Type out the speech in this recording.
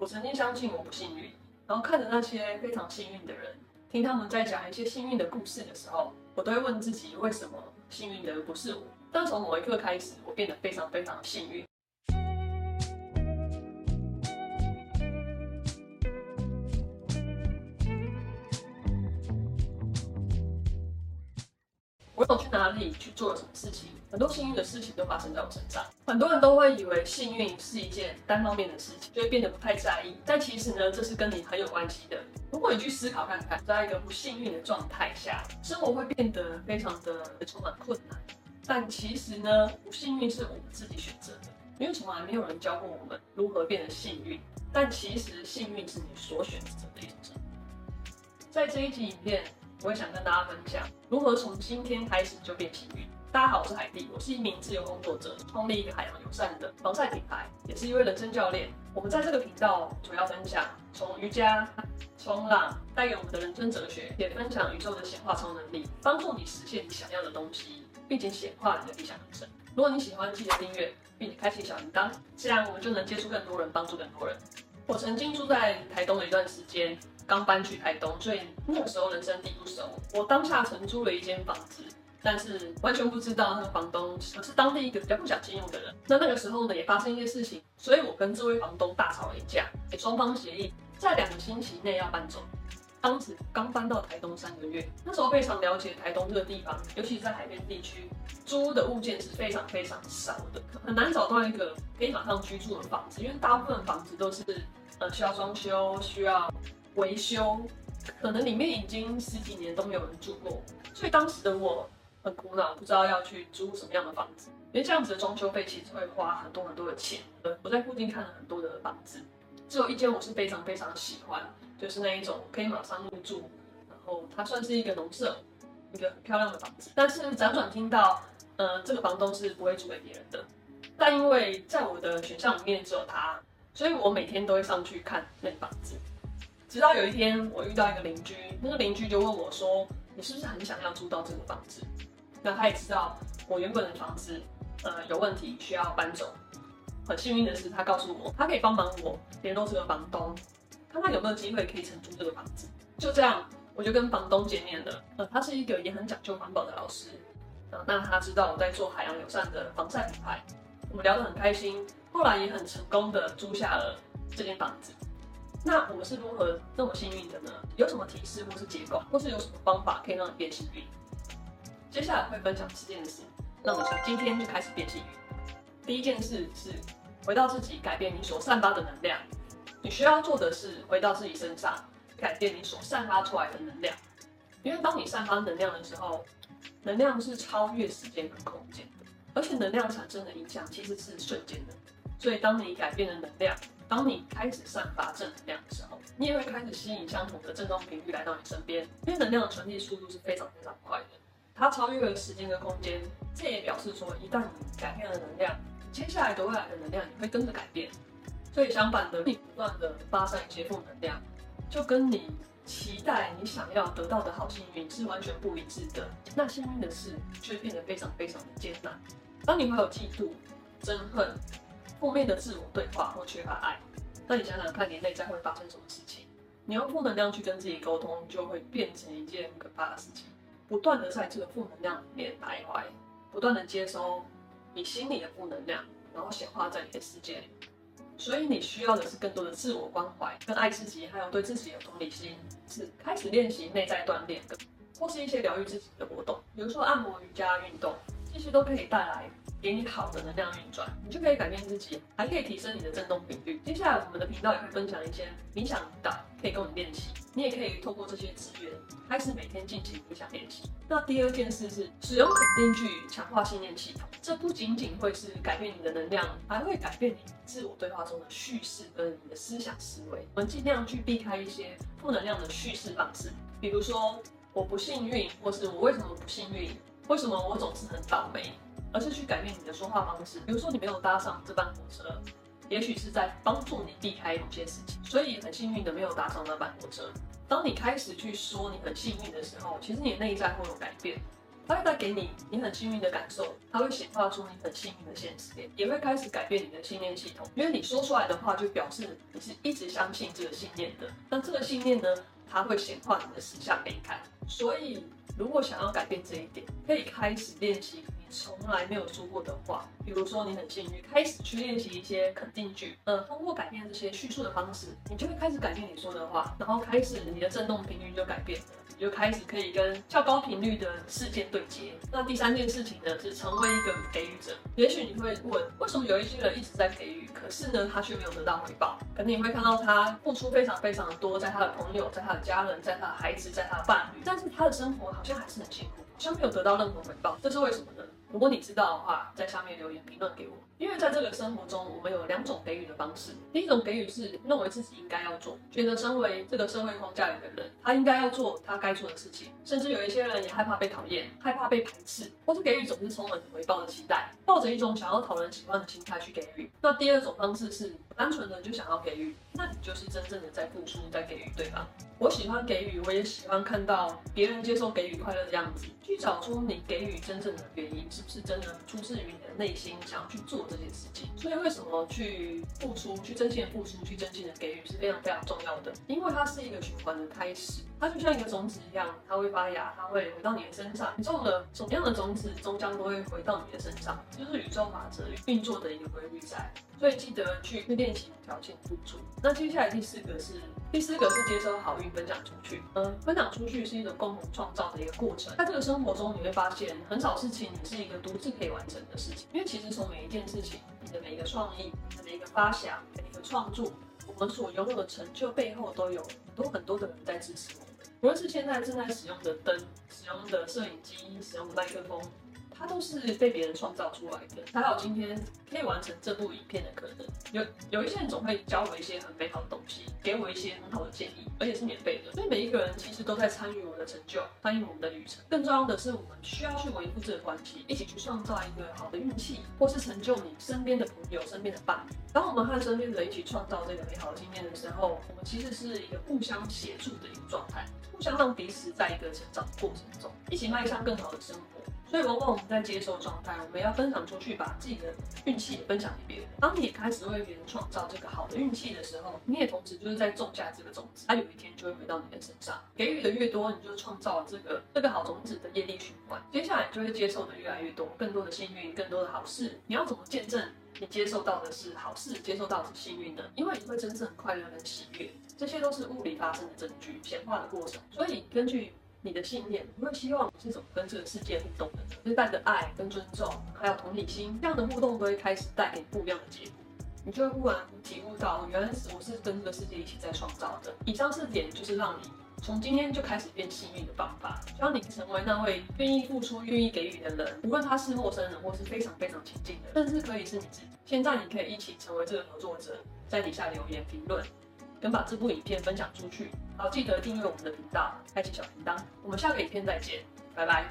我曾經相信我不幸運，然後看着那些非常幸運的人，聽他們在講一些幸運的故事的時候，我都會問自己為什麼幸運的不是我？但從某一刻開始，我變得非常非常幸運。不論我去哪裡去做了什麼事情，很多幸運的事情，都發生在我身上。很多人都會以為幸運是一件單方面的事情，就會變得不太在意。但其實呢，這是跟你很有關係的。如果你去思考看看，在一個不幸運的狀態下，生活會變得非常的充滿困難。但其實呢，不幸運是我們自己選擇的，因為從來沒有人教過我們如何變得幸運。但其實幸運是你所選擇的一種。在這一集影片。我也想跟大家分享如何從今天開始就變幸運。大家好，我是海地，我是一名自由工作者，創立一個海洋友善的防曬品牌，也是一位人生教練。我們在這個頻道主要分享從瑜伽、衝浪帶給我們的人生哲學，也分享宇宙的顯化超能力，幫助你實現你想要的東西，並且顯化你的理想人生。如果你喜歡，記得訂閱並且開啟小鈴鐺，這樣我們就能接觸更多人，幫助更多人。我曾經住在台東的一段時間，剛搬去台東，所以那個時候人生地不熟。我當下承租了一間房子，但是完全不知道那個房東是當地一個比較不講信用的人。那那個時候呢，也發生一些事情，所以我跟這位房東大吵了一架。欸，雙方協議在兩個星期內要搬走。當時剛搬到台東三個月，那時候非常了解台東這個地方，尤其是在海邊地區，租的物件是非常非常少的，很難找到一個可以馬上居住的房子，因為大部分房子都是。呃，需要裝修，需要維修，可能裡面已經十幾年都沒有人住過，所以當時的我很苦惱，不知道要去租什麼樣的房子，因為這樣子的裝修費其實會花很多很多的錢。呃，我在附近看了很多的房子，只有一間我是非常非常喜歡，就是那一種可以馬上入住，然後它算是一個農舍，一個很漂亮的房子。但是輾轉聽到，呃，這個房東是不會租給別人的，但因為在我的選項裡面只有他。所以我每天都會上去看那房子，直到有一天我遇到一個鄰居，那個鄰居就問我說：“你是不是很想要租到這個房子？”那他也知道我原本的房子，呃，有問題需要搬走。很幸運的是，他告訴我他可以幫忙我聯絡這個房東，看看有沒有機會可以承租這個房子。就這樣，我就跟房東見面了。呃，他是一個也很講究環保的老師，呃，那他知道我在做海洋友善的防曬品牌。我們聊得很開心，後來也很成功地租下了這間房子。那我們是如何那麼幸運的呢？有什麼提示或是結構，或是有什麼方法可以讓你變幸運？接下來會分享四件事，那我們從今天就開始變幸運。第一件事是回到自己，改變你所散發的能量。你需要做的是回到自己身上，改變你所散發出來的能量。因為當你散發能量的時候，能量是超越時間和空間。而且能量產生的影響其實是瞬間的，所以當你改變了能量，當你開始散發正能量的時候，你也會開始吸引相同的振動頻率來到你身邊。因為能量的傳遞速度是非常非常快的，它超越了時間跟空間。這也表示說，一旦你改變了能量，接下來的未來的能量也會跟着改變。所以相反的，你不斷的發散一些負能量，就跟你。期待你想要得到的好幸運是完全不一致的，那幸運的事卻變得非常非常的艱難。當你會有嫉妒、憎恨、負面的自我對話或缺乏愛，那你想想看，你內在會發生什麼事情？你用負能量去跟自己溝通，就會變成一件很可怕的事情，不斷的在這個負能量裡面徘徊，不斷的接收你心裡的負能量，然後顯化在你的世界裡。所以你需要的是更多的自我關懷，更愛自己，還有對自己有同理心，是開始練習內在鍛鍊的，或是一些療癒自己的活動，比如說按摩、瑜伽、運動，這些都可以帶來。給你好的能量運轉，你就可以改變自己，還可以提升你的振動頻率。接下來，我們的頻道也會分享一些冥想指導，可以供你練習。你也可以透過這些資源，開始每天進行冥想練習。那第二件事是使用肯定句強化信念系統。這不僅僅會是改變你的能量，還會改變你自我對話中的敘事跟你的思想思維。我們盡量去避開一些負能量的敘事方式，比如說我不幸運，或是我為什麼不幸運？為什麼我總是很倒霉？而是去改變你的說話方式。比如說，你沒有搭上這班火車，也許是在幫助你避開某些事情，所以很幸運的沒有搭上那班火車。當你開始去說你很幸運的時候，其實你的內在會有改變，它會帶給你你很幸運的感受，它會顯化出你很幸運的現實點，也會開始改變你的信念系統。因為你說出來的話，就表示你是一直相信這個信念的。那這個信念呢，它會顯化你的實相給你看。所以，如果想要改變這一點，可以開始練習。從來沒有說過的話，比如說你很幸運，開始去練習一些肯定句，呃、嗯，通過改變這些敘述的方式，你就會開始改變你說的話，然後開始你的振動頻率就改變了，你就開始可以跟較高頻率的事件對接。那第三件事情呢，是成為一個給予者。也許你會問，為什麼有一些人一直在給予，可是呢，他卻沒有得到回報？可能你會看到他付出非常非常的多，在他的朋友，在他的家人，在他的孩子，在他的伴侶，但是他的生活好像還是很辛苦，好像沒有得到任何回報，這是為什麼呢？如果你知道的話，在下面留言評論給我。因為在這個生活中，我們有兩種給予的方式。第一種給予是認為自己應該要做，覺得身為這個社會框架裡的人，他應該要做他該做的事情。甚至有一些人也害怕被討厭，害怕被排斥，或是給予總是充滿回報的期待，抱着一種想要討人喜歡的心態去給予。那第二種方式是單純的就想要給予，那你就是真正的在付出，在給予對方。我喜歡給予，我也喜歡看到別人接受給予快樂的樣子。去找出你給予真正的原因。是不是真的出自於你的內心，想要去做這件事情？所以為什麼去付出，去真心的付出，去真心的給予是非常非常重要的？因為它是一個循環的開始，它就像一個種子一樣，它會發芽，它會回到你的身上。你種了什麼樣的種子，終將都會回到你的身上，就是宇宙法則運作的一個規律在。所以記得去練習無條件付出。那接下來第四個是。第四個是接收好運，分享出去。嗯，分享出去是一個共同創造的一個過程。在這個生活中，你會發現，很少事情你是一個獨自可以完成的事情。因為其實從每一件事情，你的每一個創意，你的每一個發想，每一個創作，我們所擁有的成就背後，都有很多很多的人在支持我們。無論是現在正在使用的燈，使用的攝影機，使用的麥克風。它都是被別人創造出來的，才有今天可以完成這部影片的可能。有有一些人總會教我一些很美好的東西，給我一些很好的建議，而且是免費的。所以每一個人其實都在參與我的成就，參與我們的旅程。更重要的是，我們需要去維護這個關係，一起去創造一個好的運氣，或是成就你身邊的朋友、身邊的伴侶。當我們和身邊的人一起創造這個美好的經驗的時候，我們其實是一個互相協助的一個狀態，互相讓彼此在一個成長的過程中，一起邁向更好的生活。所以，往往我們在接受狀態，我們要分享出去，把自己的運氣也分享給別人。當你開始為別人創造這個好的運氣的時候，你也同時就是在種下這個種子，它有一天就會回到你的身上。給予的越多，你就創造了這個這個好種子的業力循環。接下來你就會接受的越來越多，更多的幸運，更多的好事。你要怎麼見證你接受到的是好事，接受到的是幸運呢？因為你會真正很快樂跟喜悅，這些都是物理發生的證據，顯化的過程。所以根據。你的信念，你會希望你是怎麼跟這個世界互動的人，就是帶著愛跟尊重，還有同理心這樣的互動，都會開始帶給你不一樣的結果。你就會忽然體悟到，原來我是跟這個世界一起在創造的。以上四點就是讓你從今天就開始變幸運的方法。希望你成為那位願意付出、願意給予的人，無論他是陌生人或是非常非常親近的人，甚至可以是你自己。現在你可以一起成為這個合作者，在底下留言評論。跟把這部影片分享出去，好，記得訂閱我們的頻道，開啟小鈴鐺，我們下個影片再見，拜拜。